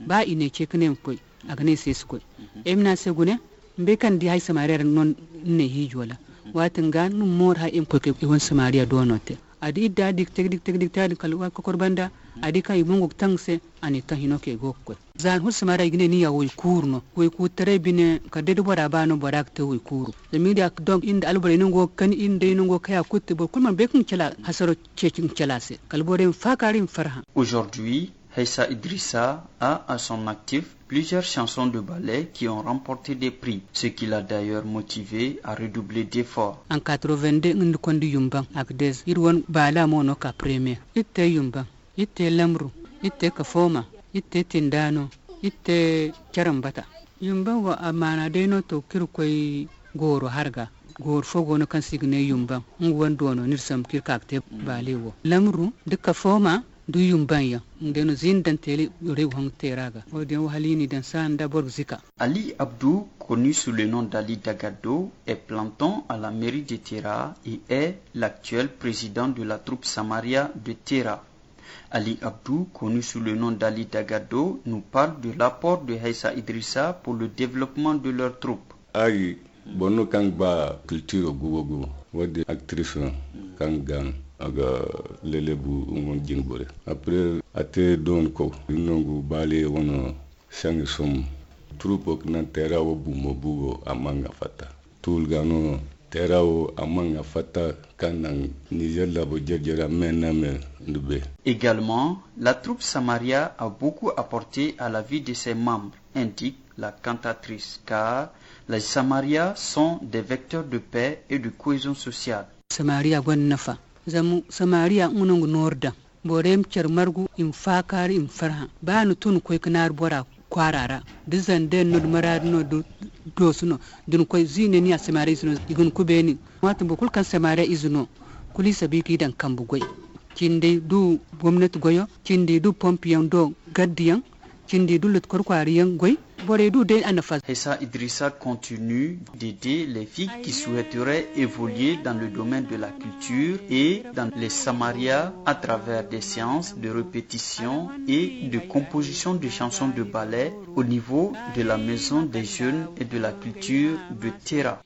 ba ine ke kune a agane sai su koy emna se gune bai kan di hay da non ne yi jola watin ga nun mor ha im koy ke won samariya do di adi idda dik tek dik tek dik tadi kalwa ko korbanda adi kan ibungu tangse ani ta hino ke gokko zan hu samara igine ni ya woy kurno woy ku tare bine ka dedu bora bano bora ta woy kuru da mi da donc inda albore ni go kan inda ni go kaya kutte bo kulman be kun kala hasaro ce kin kala se kalbore fakarin farha aujourd'hui Heissa Idrissa a à son actif plusieurs chansons de ballet qui ont remporté des prix, ce qui l'a d'ailleurs motivé à redoubler d'efforts. En 82, a avons yumban ak des irwon bala mono ka premier. Itte yumban, lemru, lamru, itte kafoma, itte tindano, itte charambata. Yumba wa amana no to koi goro harga. goor fogono kan signe yumban ngwan dono nirsam kirkakte balewo Lemru, de foma Ali Abdou connu sous le nom d'Ali Dagado est planton à la mairie de Tera et est l'actuel président de la troupe Samaria de Tera. Ali Abdou, connu sous le nom d'Ali Dagado, nous parle de l'apport de Haïssa Idrissa pour le développement de leur troupe. culture actrice aga lele bu ngon jingbore apre ate don ko nongu bale wono sangi sum trupo na terawo bumo bugo amanga fata tulgano terawo amanga fata kanan niger labo jerjera mena ndube également la troupe samaria a beaucoup apporté à la vie de ses membres indique la cantatrice car les samaria sont des vecteurs de paix et de cohésion sociale samaria gonnafa zamu samariya unungu norda borem cer margu in fakar in farha banu tun koy knar bora kwarara dizan den nod marar no do dosuno dun koy zine ni asmare isuno igun kubeni matu bukul kan samare izuno kuli sabiki dan kambu goy cinde du gwamnati goyo cinde du pompion do gaddiyan cinde du lut korkwariyan goy Hessa Idrissa continue d'aider les filles qui souhaiteraient évoluer dans le domaine de la culture et dans les samarias à travers des séances de répétition et de composition de chansons de ballet au niveau de la maison des jeunes et de la culture de Tera.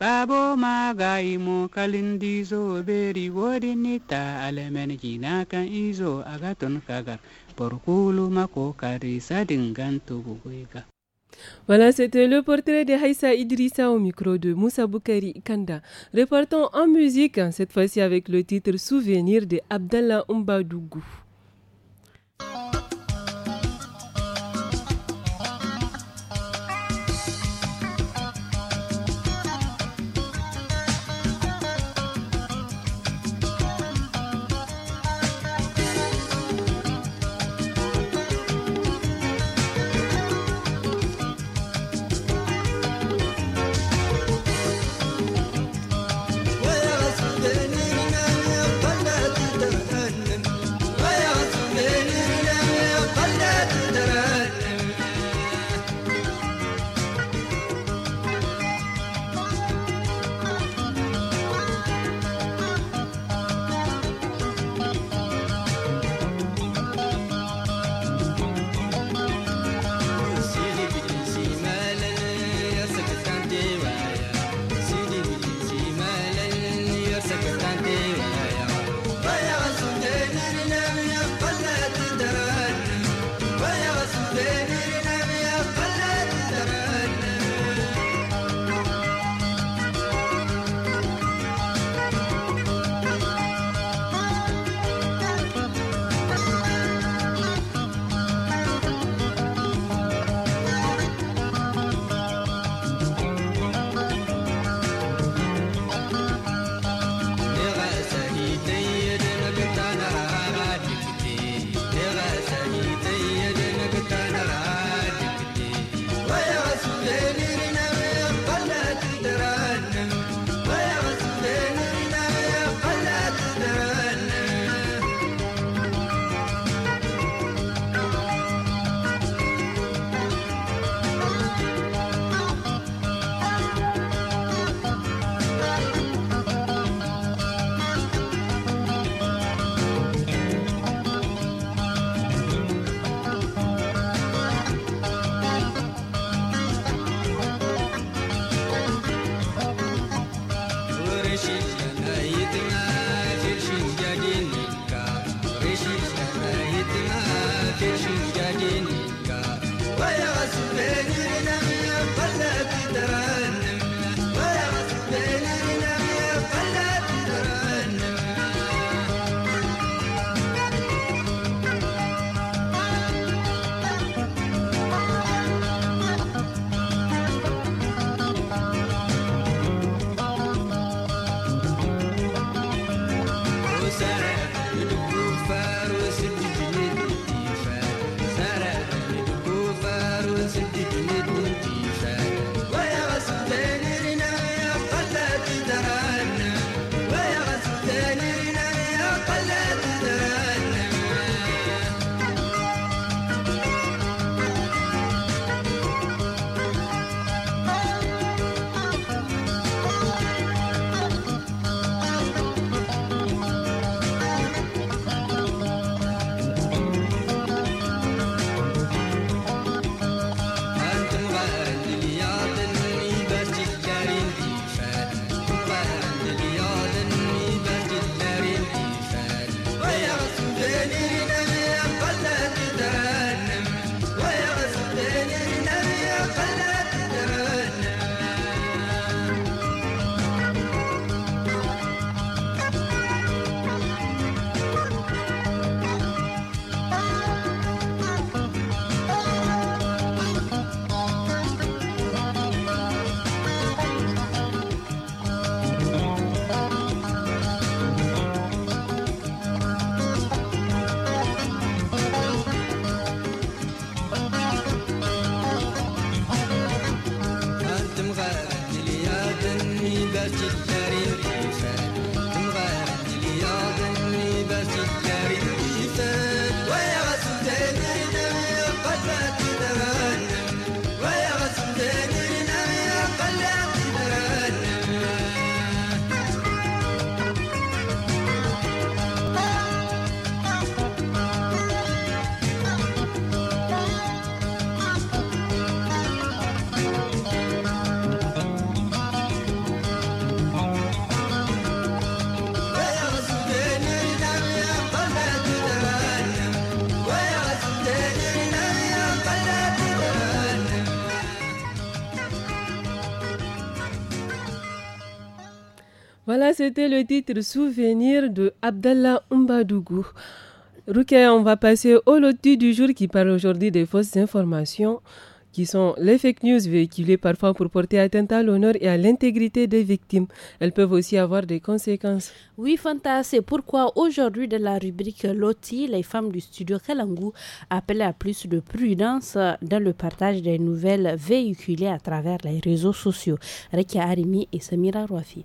Babo Voilà, c'était le portrait de Haïssa Idrissa au micro de Moussa Boukari Kanda. Repartons en musique, cette fois-ci avec le titre Souvenir de Abdallah Umbadougou. c'était le titre Souvenir de Abdallah Umbadougou. on va passer au loti du jour qui parle aujourd'hui des fausses informations qui sont les fake news véhiculées parfois pour porter atteinte à l'honneur et à l'intégrité des victimes. Elles peuvent aussi avoir des conséquences. Oui, Fanta, c'est pourquoi aujourd'hui, dans la rubrique Loti, les femmes du studio Kalangu appellent à plus de prudence dans le partage des nouvelles véhiculées à travers les réseaux sociaux. Rekia Arimi et Samira Rouafi.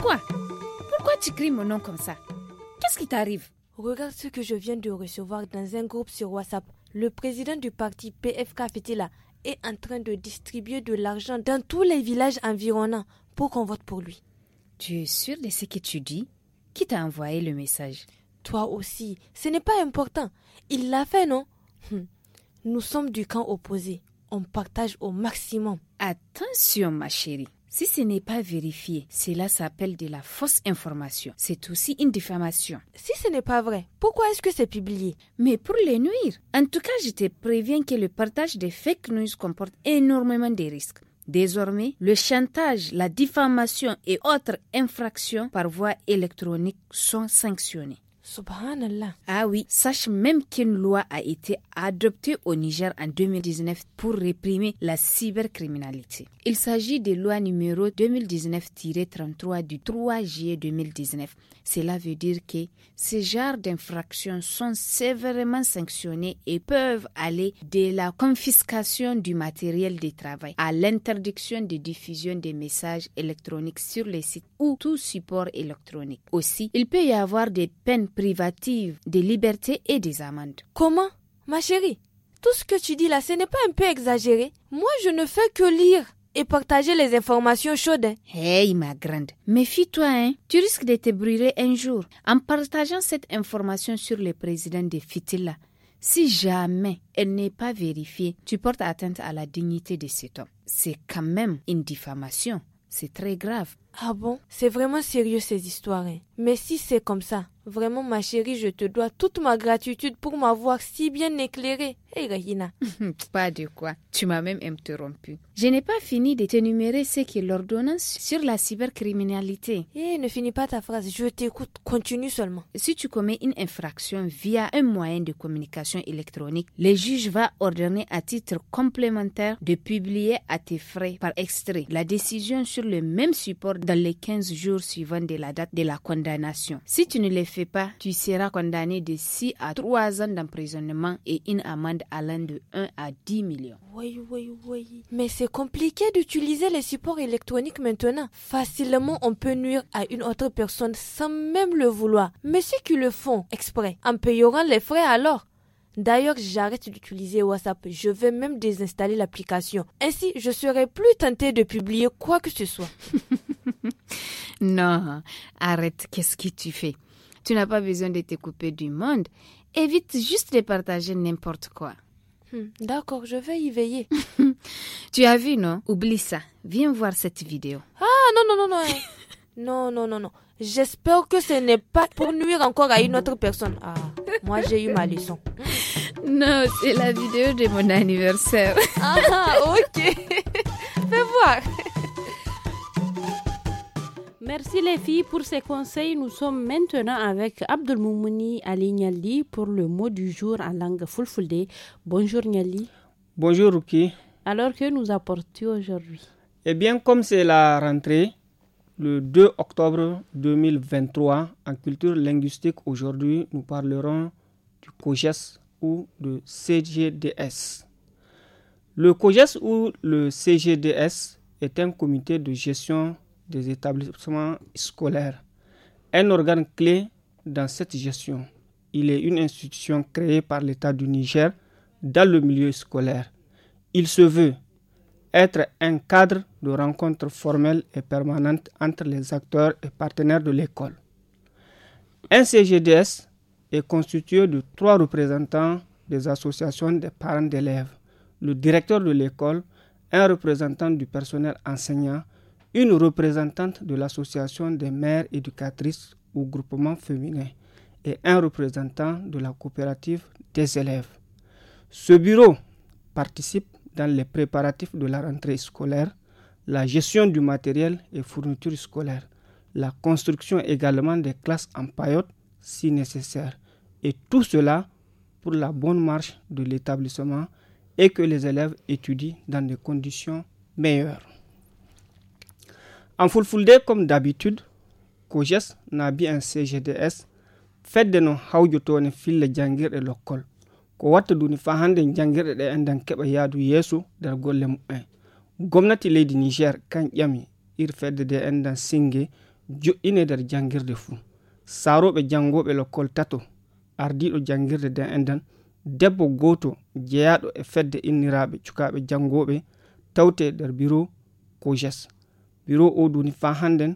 quoi Pourquoi tu cries mon nom comme ça Qu'est-ce qui t'arrive Regarde ce que je viens de recevoir dans un groupe sur WhatsApp. Le président du parti PFK Fetila est en train de distribuer de l'argent dans tous les villages environnants pour qu'on vote pour lui. Tu es sûr de ce que tu dis Qui t'a envoyé le message Toi aussi. Ce n'est pas important. Il l'a fait, non hum. Nous sommes du camp opposé. On partage au maximum. Attention, ma chérie. Si ce n'est pas vérifié, cela s'appelle de la fausse information. C'est aussi une diffamation. Si ce n'est pas vrai, pourquoi est-ce que c'est publié Mais pour les nuire. En tout cas, je te préviens que le partage des fake news comporte énormément de risques. Désormais, le chantage, la diffamation et autres infractions par voie électronique sont sanctionnées. Subhanallah. Ah oui, sache même qu'une loi a été adoptée au Niger en 2019 pour réprimer la cybercriminalité. Il s'agit de loi numéro 2019-33 du 3 juillet 2019. Cela veut dire que ces genres d'infractions sont sévèrement sanctionnées et peuvent aller de la confiscation du matériel de travail à l'interdiction de diffusion des messages électroniques sur les sites ou tout support électronique. Aussi, il peut y avoir des peines privative des libertés et des amendes. Comment Ma chérie, tout ce que tu dis là, ce n'est pas un peu exagéré Moi, je ne fais que lire et partager les informations chaudes. Hein. Hey, ma grande, méfie-toi, hein. Tu risques de te brûler un jour en partageant cette information sur le président de Fitila. Si jamais elle n'est pas vérifiée, tu portes atteinte à la dignité de cet homme. C'est quand même une diffamation. C'est très grave. Ah bon C'est vraiment sérieux ces histoires. Hein. Mais si c'est comme ça, vraiment ma chérie, je te dois toute ma gratitude pour m'avoir si bien éclairée. Hé Regina. pas de quoi. Tu m'as même interrompu. Je n'ai pas fini de t'énumérer ce qu'est l'ordonnance sur la cybercriminalité. Hé, eh, ne finis pas ta phrase. Je t'écoute. Continue seulement. Si tu commets une infraction via un moyen de communication électronique, le juge va ordonner à titre complémentaire de publier à tes frais par extrait la décision sur le même support dans les 15 jours suivants de la date de la condamnation. Si tu ne les fais pas, tu seras condamné de 6 à 3 ans d'emprisonnement et une amende allant de 1 à 10 millions. Oui, oui, oui. Mais c'est compliqué d'utiliser les supports électroniques maintenant. Facilement, on peut nuire à une autre personne sans même le vouloir. Mais ceux qui le font exprès, en payant les frais alors, D'ailleurs, j'arrête d'utiliser WhatsApp. Je vais même désinstaller l'application. Ainsi, je serai plus tentée de publier quoi que ce soit. non, arrête. Qu'est-ce que tu fais Tu n'as pas besoin de te couper du monde. Évite juste de partager n'importe quoi. Hmm, d'accord, je vais y veiller. tu as vu, non Oublie ça. Viens voir cette vidéo. Ah, non, non, non, non. Hein. non, non, non, non. J'espère que ce n'est pas pour nuire encore à une autre personne. Ah. Moi, j'ai eu ma leçon. Non, c'est la vidéo de mon anniversaire. Ah, ok. Fais voir. Merci les filles pour ces conseils. Nous sommes maintenant avec Abdul Ali Niali pour le mot du jour en langue fulfulde. Bonjour Niali. Bonjour Ruki. Alors que nous apportons aujourd'hui Eh bien, comme c'est la rentrée, le 2 octobre 2023 en culture linguistique. Aujourd'hui, nous parlerons du COGES ou de CGDS. Le COGES ou le CGDS est un comité de gestion des établissements scolaires, un organe clé dans cette gestion. Il est une institution créée par l'État du Niger dans le milieu scolaire. Il se veut être un cadre de rencontre formelle et permanente entre les acteurs et partenaires de l'école. Un CGDS est constitué de trois représentants des associations des parents d'élèves, le directeur de l'école, un représentant du personnel enseignant, une représentante de l'association des mères éducatrices ou groupement féminin et un représentant de la coopérative des élèves. Ce bureau participe dans les préparatifs de la rentrée scolaire, la gestion du matériel et fournitures scolaires, la construction également des classes en paillote si nécessaire. Et tout cela pour la bonne marche de l'établissement et que les élèves étudient dans des conditions meilleures. En Fulfulde, comme d'habitude, Koges n'a bien un CGDS, fait de nos haujotone fil jangir et l'école ko watta duni fa hande jangirɗe ɗe enɗen keɓa yaadu yeeso nder gomnati leydi niger kan Yami ir fedde de endan singe jo'ine nder jangirde fuu Sarobe jangobe l'okol tato ardiɗo jangirde de Endan, debbo goto jeyaɗo e fedde inniraɓe cukaɓe jangoɓe tawte nder bureau kojes bureau o duni fa hannden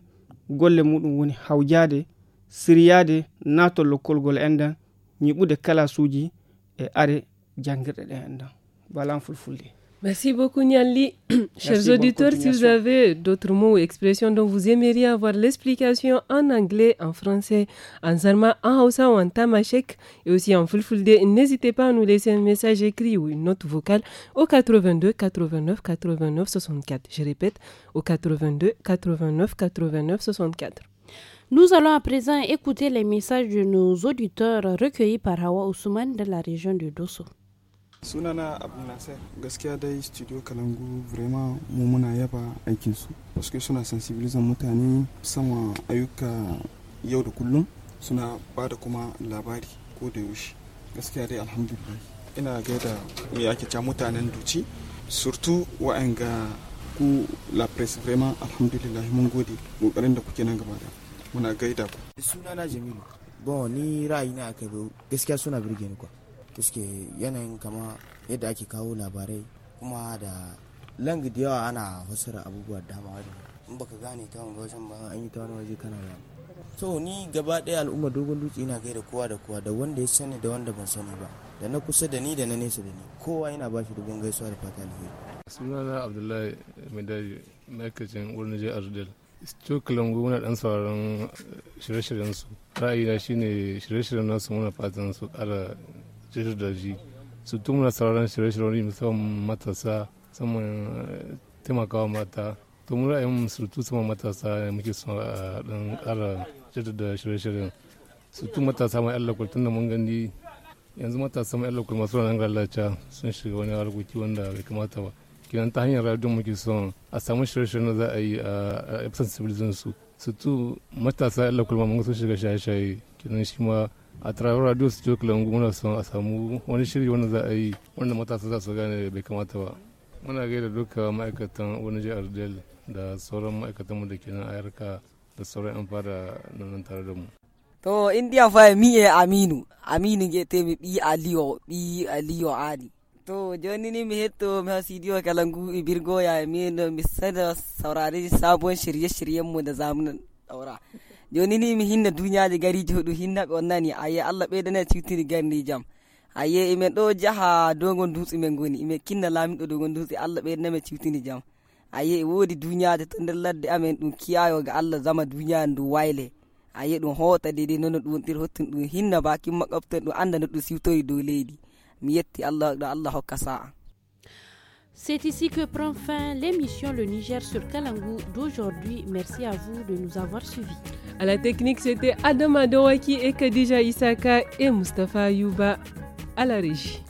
golle muɗum woni hawjade siriyade nato lokkolgol enɗen ñiɓude kalasuji E Merci beaucoup Niali. Chers auditeurs, si vous avez d'autres mots ou expressions dont vous aimeriez avoir l'explication en anglais, en français, en zarma, en hausa ou en tamashek et aussi en fulfulde, n'hésitez pas à nous laisser un message écrit ou une note vocale au 82 89 89 64. Je répète, au 82 89 89 64. Nous allons à présent écouter les messages de nos auditeurs recueillis par Hawa Ousmane de la région de Dosso. sunana abu nasir gaskiya dai studio kalangu vraiment mu muna yaba aikinsu paske suna sensibilizan mutane sama ayyuka yau da kullum suna ba da kuma labari ko da yaushe gaskiya dai alhamdulillah ina gaida me ake ca mutanen duci surtout wa'anga ku la presse vraiment alhamdulillah mun gode kokarin da kuke nan gaba muna gaida ku sunana jamilu bon ni ra'ayi na aka gaskiya suna birge ni kwa suke yanayin kama yadda ake kawo labarai kuma da lang da yawa ana hasara abubuwa dama da in baka gane ta wani wajen ba an yi ta wani waje kana da to ni gaba ɗaya al'umma dogon dutse ina gaida kowa da kowa da wanda ya sani da wanda ban sani ba da na kusa da ni da na nesa da ni kowa yana ba shi dogon gaisuwa da fata alheri sunana abdullahi mai daji ma'aikacin wurin jihar del. Studio muna dan sauraron shirye-shiryen su. Ra'ayina shine shirye-shiryen nasu muna fatan su kara jirgin da shi. Su tun muna sauraron shirye-shiryen musamman matasa, saman eh, taimakawa mata. To mu ra'ayin surutu sama matasa muke son a dan kara shirye da shirye-shiryen. Su tun matasa mai Allah tun da mun gani yanzu matasa mai Allah masu ranar lalaca sun shiga wani harkoki wanda bai kamata ba. kenan ta hanyar radio muke son a samu shirye-shiryen da za a yi a sensibilizin su sutu matasa yalla kulma mun sun shiga shaye-shaye kenan shi ma a tarawar radio su ciwo kulangu muna son a samu wani shirye wanda za a yi wanda matasa za su gane bai kamata ba muna gaida duka ma'aikatan wani jihar del da sauran ma'aikatan mu da ke nan a yarka da sauran yan fada nan tare da mu to indiya fa mi ye aminu aminu ge te bi aliyo bi aliyo ali To joni ni mi hetto mi ha Kalangu Ibirgo ya min mi sada saurari sabon shirye-shiryen mu da zamu daura. Joni ni mi hinna duniya de gari jodu hinna nani, aye Allah be dana cutiri garni jam. Aye imen do jaha dogon dutsi men goni imen kinna lamido dogon dutsi Allah be dana me cutini jam. Aye wodi duniya de tan ladde amen dum kiyayo ga Allah zama duniya ndu wayle. Aye dum hota dede nono dum tir hottun dum hinna bakin makaftan dum anda no dum siwtori do leydi. C'est ici que prend fin l'émission Le Niger sur Kalangou d'aujourd'hui. Merci à vous de nous avoir suivis. À la technique, c'était Adam Adowaki et Kadija Isaka et Mustafa Yuba à la régie.